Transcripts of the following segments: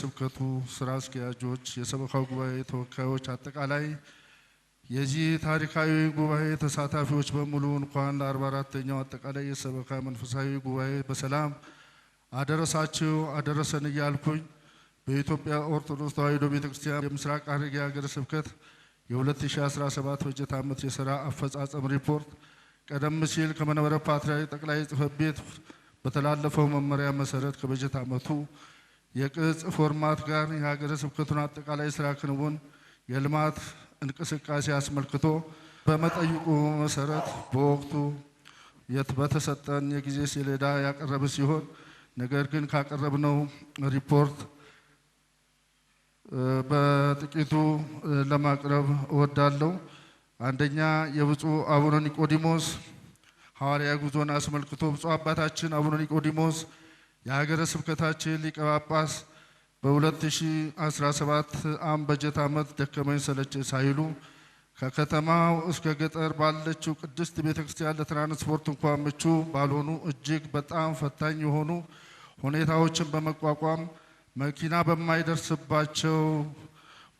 ስብከቱ ስራ አስኪያጆች፣ የሰበካው ጉባኤ ተወካዮች፣ አጠቃላይ የዚህ ታሪካዊ ጉባኤ ተሳታፊዎች በሙሉ እንኳን ለአርባ አራተኛው አጠቃላይ የሰበካ መንፈሳዊ ጉባኤ በሰላም አደረሳችሁ አደረሰን እያልኩኝ በኢትዮጵያ ኦርቶዶክስ ተዋሕዶ ቤተክርስቲያን የምስራቅ ሐረርጌ ሀገረ ስብከት የ2017 በጀት ዓመት የሥራ አፈጻጸም ሪፖርት ቀደም ሲል ከመንበረ ፓትርያርክ ጠቅላይ ጽሕፈት ቤት በተላለፈው መመሪያ መሰረት ከበጀት ዓመቱ የቅጽ ፎርማት ጋር የሀገረ ስብከቱን አጠቃላይ ስራ ክንውን፣ የልማት እንቅስቃሴ አስመልክቶ በመጠይቁ መሰረት በወቅቱ በተሰጠን የጊዜ ሰሌዳ ያቀረበ ሲሆን ነገር ግን ካቀረብነው ሪፖርት በጥቂቱ ለማቅረብ እወዳለሁ። አንደኛ የብፁዕ አቡነ ኒቆዲሞስ ሐዋርያ ጉዞን አስመልክቶ ብፁዕ አባታችን አቡነ ኒቆዲሞስ የሀገረ ስብከታችን ሊቀ ጳጳስ በ2017 ዓ.ም በጀት ዓመት ደከመኝ ሰለቸኝ ሳይሉ ከከተማው እስከ ገጠር ባለችው ቅድስት ቤተ ክርስቲያን ለትራንስፖርት እንኳን ምቹ ባልሆኑ እጅግ በጣም ፈታኝ የሆኑ ሁኔታዎችን በመቋቋም መኪና በማይደርስባቸው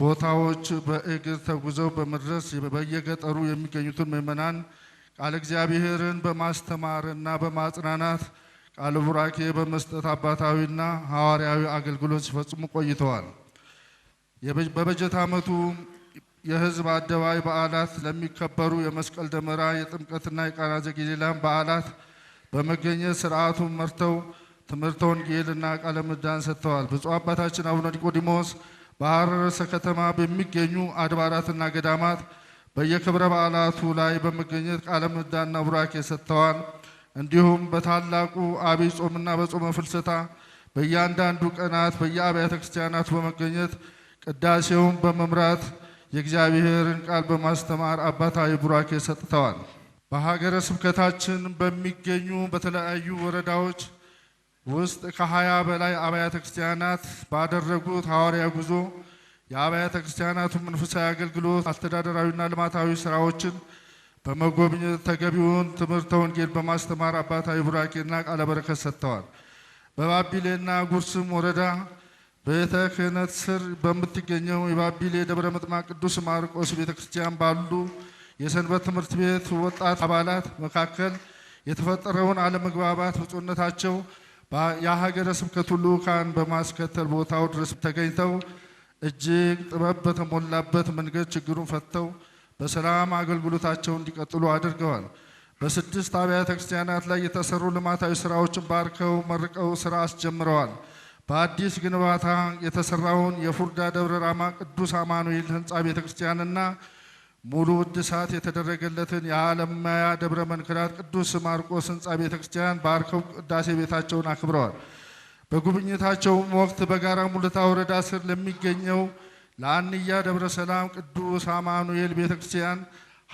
ቦታዎች በእግር ተጉዘው በመድረስ በየገጠሩ የሚገኙትን ምዕመናን ቃለ እግዚአብሔርን በማስተማርና በማጽናናት ቃለ ቡራኬ በመስጠት አባታዊና ሐዋርያዊ አገልግሎት ሲፈጽሙ ቆይተዋል። በበጀት ዓመቱ የሕዝብ አደባባይ በዓላት ለሚከበሩ የመስቀል ደመራ፣ የጥምቀትና የቃና ዘገሊላ በዓላት በመገኘት ስርዓቱን መርተው ትምህርተ ወንጌልና ቃለ ምዕዳን ሰጥተዋል። ብፁዕ አባታችን አቡነ ኒቆዲሞስ በሐረር ርዕሰ ከተማ በሚገኙ አድባራትና ገዳማት በየክብረ በዓላቱ ላይ በመገኘት ቃለ ምዕዳንና ቡራኬ ሰጥተዋል። እንዲሁም በታላቁ አብይ ጾምና በጾመ ፍልሰታ በእያንዳንዱ ቀናት በየአብያተ ክርስቲያናቱ በመገኘት ቅዳሴውን በመምራት የእግዚአብሔርን ቃል በማስተማር አባታዊ ቡራኬ ሰጥተዋል። በሀገረ ስብከታችን በሚገኙ በተለያዩ ወረዳዎች ውስጥ ከሀያ በላይ አብያተ ክርስቲያናት ባደረጉት ሐዋርያ ጉዞ የአብያተ ክርስቲያናቱ መንፈሳዊ አገልግሎት አስተዳደራዊና ልማታዊ ስራዎችን በመጎብኘት ተገቢውን ትምህርተ ወንጌል በማስተማር አባታዊ ቡራኬና ቃለ በረከት ሰጥተዋል። በባቢሌና ጉርስም ወረዳ ቤተ ክህነት ስር በምትገኘው የባቢሌ ደብረ ምጥማቅ ቅዱስ ማርቆስ ቤተ ክርስቲያን ባሉ የሰንበት ትምህርት ቤት ወጣት አባላት መካከል የተፈጠረውን አለመግባባት ብፁዕነታቸው የሀገረ ስብከቱ ልዑካን በማስከተል ቦታው ድረስ ተገኝተው እጅግ ጥበብ በተሞላበት መንገድ ችግሩን ፈተው በሰላም አገልግሎታቸውን እንዲቀጥሉ አድርገዋል። በስድስት አብያተ ክርስቲያናት ላይ የተሰሩ ልማታዊ ስራዎችን ባርከው መርቀው ስራ አስጀምረዋል። በአዲስ ግንባታ የተሰራውን የፉርዳ ደብረ ራማ ቅዱስ አማኑኤል ህንፃ ቤተ ክርስቲያንና ሙሉ እድሳት የተደረገለትን የአለማያ ደብረ መንክራት ቅዱስ ማርቆስ ህንፃ ቤተ ክርስቲያን ባርከው ቅዳሴ ቤታቸውን አክብረዋል። በጉብኝታቸውም ወቅት በጋራ ሙልታ ወረዳ ስር ለሚገኘው ለአንያ ደብረ ሰላም ቅዱስ አማኑኤል ቤተ ክርስቲያን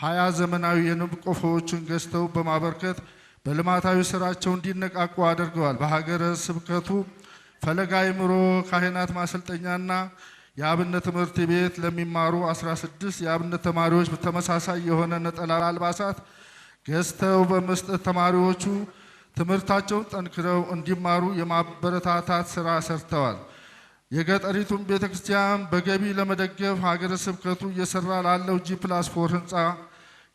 ሀያ ዘመናዊ የንብ ቆፎዎችን ገዝተው በማበርከት በልማታዊ ስራቸው እንዲነቃቁ አድርገዋል። በሀገረ ስብከቱ ፈለጋ አእምሮ ካህናት ማሰልጠኛና የአብነት ትምህርት ቤት ለሚማሩ 16 የአብነት ተማሪዎች ተመሳሳይ የሆነ ነጠላ አልባሳት ገዝተው በመስጠት ተማሪዎቹ ትምህርታቸውን ጠንክረው እንዲማሩ የማበረታታት ስራ ሰርተዋል። የገጠሪቱን ቤተ ክርስቲያን በገቢ ለመደገፍ ሀገረ ስብከቱ እየሰራ ላለው ጂ ፕላስ ፎር ህንፃ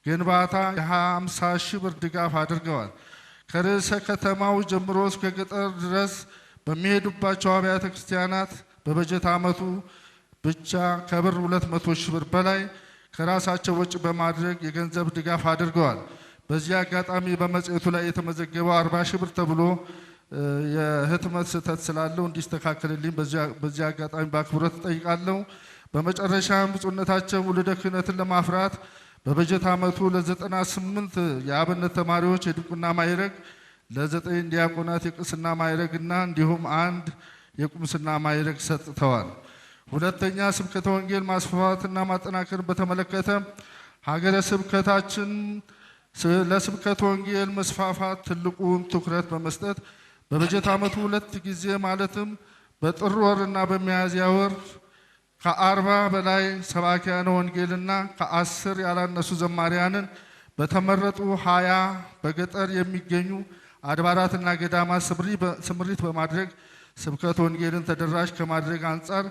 ግንባታ የ50 ሺህ ብር ድጋፍ አድርገዋል። ከርዕሰ ከተማው ጀምሮ እስከ ገጠር ድረስ በሚሄዱባቸው አብያተ ክርስቲያናት በበጀት ዓመቱ ብቻ ከብር 200 ሺህ ብር በላይ ከራሳቸው ወጪ በማድረግ የገንዘብ ድጋፍ አድርገዋል። በዚህ አጋጣሚ በመጽሔቱ ላይ የተመዘገበው 40 ሺህ ብር ተብሎ የህትመት ስህተት ስላለው እንዲስተካከልልኝ በዚህ አጋጣሚ በአክብሮት እጠይቃለሁ። በመጨረሻ ብፁዕነታቸው ወልደ ክህነትን ለማፍራት በበጀት ዓመቱ ለ98 የአብነት ተማሪዎች የድቁና ማይረግ ለ9 ዲያቆናት የቅስና ማዕረግና እንዲሁም አንድ የቁምስና ማይረግ ሰጥተዋል። ሁለተኛ ስብከተ ወንጌል ማስፋፋትና ማጠናከርን በተመለከተ ሀገረ ስብከታችን ለስብከተ ወንጌል መስፋፋት ትልቁን ትኩረት በመስጠት በበጀት ዓመቱ ሁለት ጊዜ ማለትም በጥር ወርና በሚያዝያ ወር ከአርባ በላይ ሰባኪያነ ወንጌልና ከአስር ያላነሱ ዘማሪያንን በተመረጡ ሀያ በገጠር የሚገኙ አድባራትና ገዳማት ስምሪት በማድረግ ስብከት ወንጌልን ተደራሽ ከማድረግ አንጻር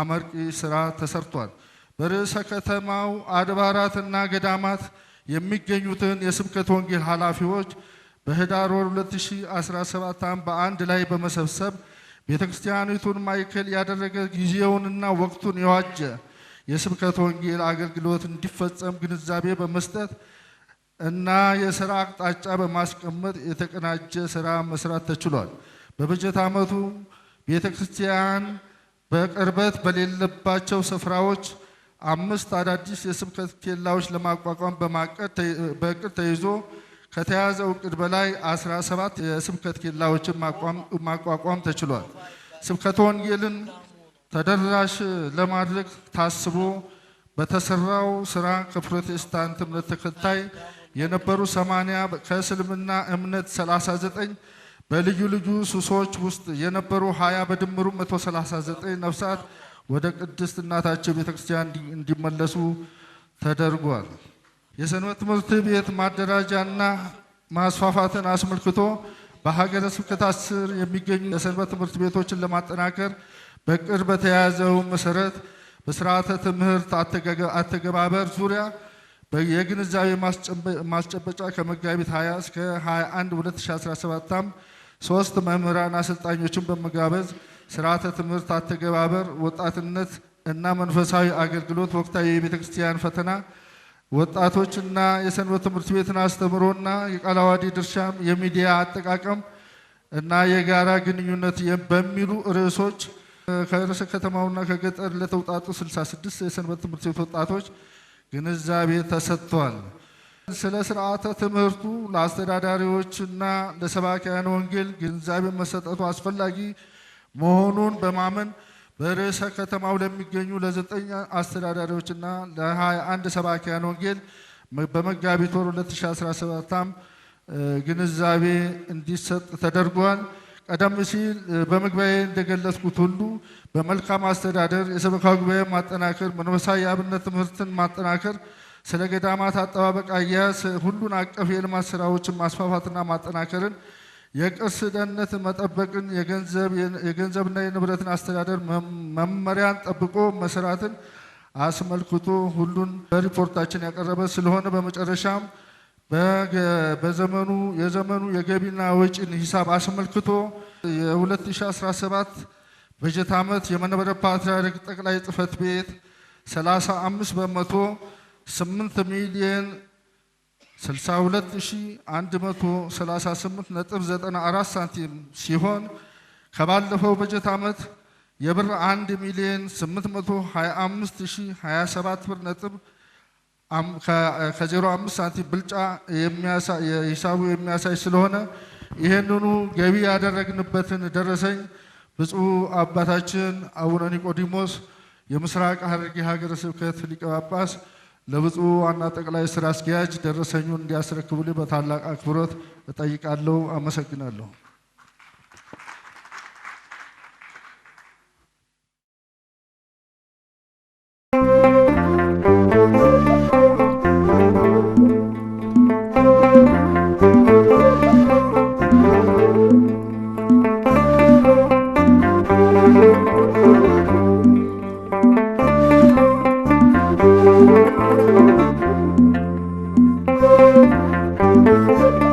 አመርቂ ስራ ተሰርቷል። በርዕሰ ከተማው አድባራትና ገዳማት የሚገኙትን የስብከት ወንጌል ኃላፊዎች በህዳር ወር 2017 ዓ.ም በአንድ ላይ በመሰብሰብ ቤተክርስቲያኒቱን ማይከል ማዕከል ያደረገ ጊዜውንና ወቅቱን የዋጀ የስብከት ወንጌል አገልግሎት እንዲፈጸም ግንዛቤ በመስጠት እና የስራ አቅጣጫ በማስቀመጥ የተቀናጀ ስራ መስራት ተችሏል። በበጀት ዓመቱ ቤተክርስቲያን በቅርበት በሌለባቸው ስፍራዎች አምስት አዳዲስ የስብከት ኬላዎች ለማቋቋም በማቀድ በእቅድ ተይዞ ከተያዘው እቅድ በላይ 17 የስብከት ኬላዎችን ማቋቋም ተችሏል። ስብከተ ወንጌልን ተደራሽ ለማድረግ ታስቦ በተሰራው ስራ ከፕሮቴስታንት እምነት ተከታይ የነበሩ 80 ከእስልምና እምነት 39 በልዩ ልዩ ሱሶች ውስጥ የነበሩ 20 በድምሩ 139 ነፍሳት ወደ ቅድስት እናታቸው ቤተክርስቲያን እንዲመለሱ ተደርጓል። የሰንበት ትምህርት ቤት ማደራጃና ማስፋፋትን አስመልክቶ በሀገረ ስብከት ስር የሚገኙ የሰንበት ትምህርት ቤቶችን ለማጠናከር በቅርብ በተያያዘው መሰረት በስርዓተ ትምህርት አተገባበር ዙሪያ የግንዛቤ ማስጨበጫ ከመጋቢት 20 እስከ 21 2017 ሶስት መምህራን አሰልጣኞችን በመጋበዝ ስርዓተ ትምህርት አተገባበር፣ ወጣትነት እና መንፈሳዊ አገልግሎት ወቅታዊ የቤተክርስቲያን ፈተና ወጣቶችና የሰንበት ትምህርት ቤትን አስተምሮና የቃለ ዓዋዲ ድርሻም የሚዲያ አጠቃቀም እና የጋራ ግንኙነት በሚሉ ርዕሶች ከርዕሰ ከተማውና ከገጠር ለተውጣጡ 66 የሰንበት ትምህርት ቤት ወጣቶች ግንዛቤ ተሰጥቷል። ስለ ስርዓተ ትምህርቱ ለአስተዳዳሪዎችና ለሰባኪያን ወንጌል ግንዛቤ መሰጠቱ አስፈላጊ መሆኑን በማመን በርዕሰ ከተማው ለሚገኙ ለዘጠኝ አስተዳዳሪዎችና ለ21 ሰባኪያን ወንጌል በመጋቢት ወር 2017 ግንዛቤ እንዲሰጥ ተደርጓል። ቀደም ሲል በመግቢያዬ እንደገለጽኩት ሁሉ በመልካም አስተዳደር የሰበካ ጉባኤ ማጠናከር፣ መንፈሳዊ የአብነት ትምህርትን ማጠናከር፣ ስለ ገዳማት አጠባበቅ አያያዝ ሁሉን አቀፍ የልማት ስራዎችን ማስፋፋትና ማጠናከርን የቅርስ ደህንነት መጠበቅን፣ የገንዘብና የንብረትን አስተዳደር መመሪያን ጠብቆ መሰራትን አስመልክቶ ሁሉን በሪፖርታችን ያቀረበ ስለሆነ በመጨረሻም በዘመኑ የዘመኑ የገቢና ወጪን ሂሳብ አስመልክቶ የ2017 በጀት ዓመት የመንበረ ፓትርያርክ ጠቅላይ ጽሕፈት ቤት 35 በመቶ 8 ሚሊዮን 62138.94 ሳንቲም ሲሆን ከባለፈው በጀት ዓመት የብር 1 ሚሊዮን 825,027 ብር ነጥብ ከዜሮ አምስት ሳንቲም ብልጫ ሂሳቡ የሚያሳይ ስለሆነ ይህንኑ ገቢ ያደረግንበትን ደረሰኝ ብፁዕ አባታችን አቡነ ኒቆዲሞስ የምስራቅ ሐረርጌ ሀገረ ስብከት ሊቀ ጳጳስ ለብፁዕ ዋና ጠቅላይ ስራ አስኪያጅ ደረሰኙን እንዲያስረክቡልኝ በታላቅ አክብሮት እጠይቃለሁ። አመሰግናለሁ። Música